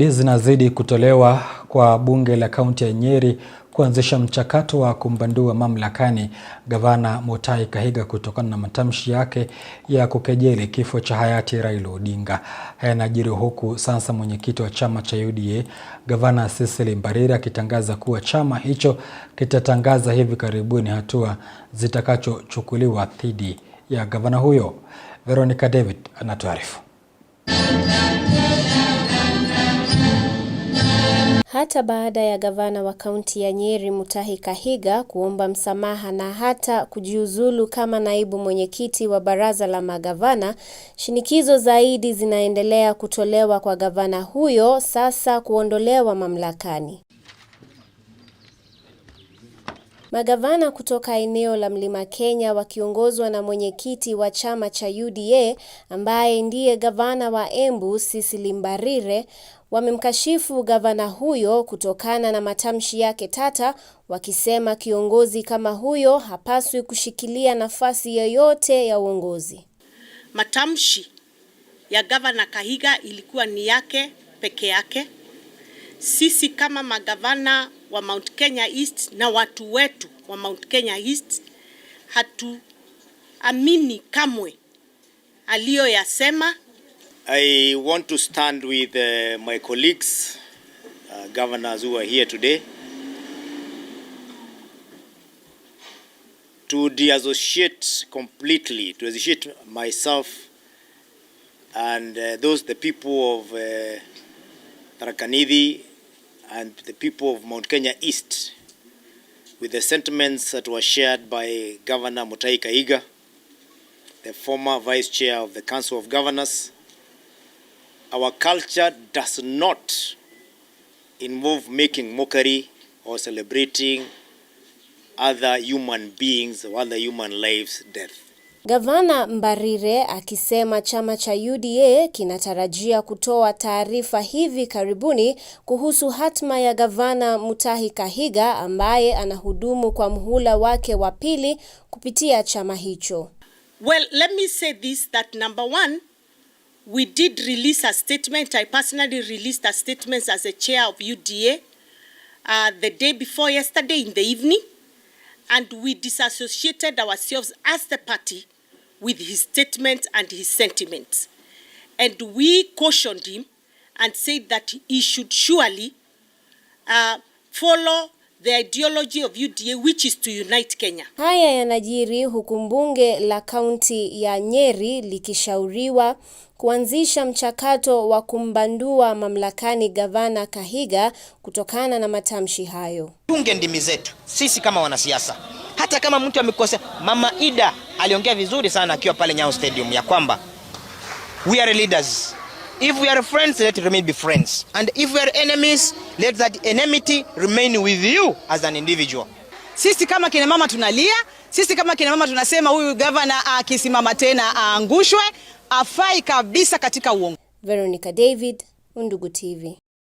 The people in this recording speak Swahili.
Ahadi zinazidi kutolewa kwa bunge la kaunti ya Nyeri kuanzisha mchakato wa kumbandua mamlakani gavana Mutahi Kahiga kutokana na matamshi yake ya kukejeli kifo cha hayati Raila Odinga. Haya yanajiri huku sasa mwenyekiti wa chama cha UDA gavana Cecily Mbarire akitangaza kuwa chama hicho kitatangaza hivi karibuni hatua zitakachochukuliwa dhidi ya gavana huyo. Veronica David anatuarifu. hata baada ya gavana wa kaunti ya Nyeri Mutahi Kahiga kuomba msamaha na hata kujiuzulu kama naibu mwenyekiti wa baraza la magavana, shinikizo zaidi zinaendelea kutolewa kwa gavana huyo sasa kuondolewa mamlakani. Magavana kutoka eneo la Mlima Kenya wakiongozwa na mwenyekiti wa chama cha UDA ambaye ndiye gavana wa Embu Cecily Mbarire wamemkashifu gavana huyo kutokana na matamshi yake tata, wakisema kiongozi kama huyo hapaswi kushikilia nafasi yoyote ya uongozi. Matamshi ya gavana Kahiga ilikuwa ni yake peke yake sisi kama magavana wa Mount Kenya East na watu wetu wa Mount Kenya East hatuamini kamwe aliyoyasema. I want to stand with uh, my colleagues uh, governors who are here today to deassociate completely to associate myself and uh, those the people of uh, Tharaka Nithi and the people of Mount Kenya East with the sentiments that were shared by Governor Mutai Kahiga, the former vice chair of the Council of Governors. Our culture does not involve making mockery or celebrating other human beings or other human lives' death. Gavana Mbarire akisema chama cha UDA kinatarajia kutoa taarifa hivi karibuni kuhusu hatma ya Gavana Mutahi Kahiga ambaye anahudumu kwa mhula wake wa pili kupitia chama hicho. Well, let me say this that number one, we did release a statement. I personally released a statement as a chair of UDA uh, the day before yesterday in the evening and we disassociated ourselves as the party with his statements and his sentiments. And we cautioned him and said that he should surely uh, follow the ideology of UDA which is to unite Kenya. Haya yanajiri huku bunge la kaunti ya Nyeri likishauriwa kuanzisha mchakato wa kumbandua mamlakani gavana Kahiga kutokana na matamshi hayo. Tunge ndimi zetu sisi kama wanasiasa, hata kama mtu amekosea. Mama Ida aliongea vizuri sana akiwa pale Nyayo Stadium ya kwamba we are leaders If we are friends, let remain be friends. And if we are enemies, let that enmity remain with you as an individual. Sisi kama kina mama tunalia, sisi kama kina mama tunasema huyu gavana akisimama tena aangushwe, afai kabisa katika uongo. Veronica David, Undugu TV.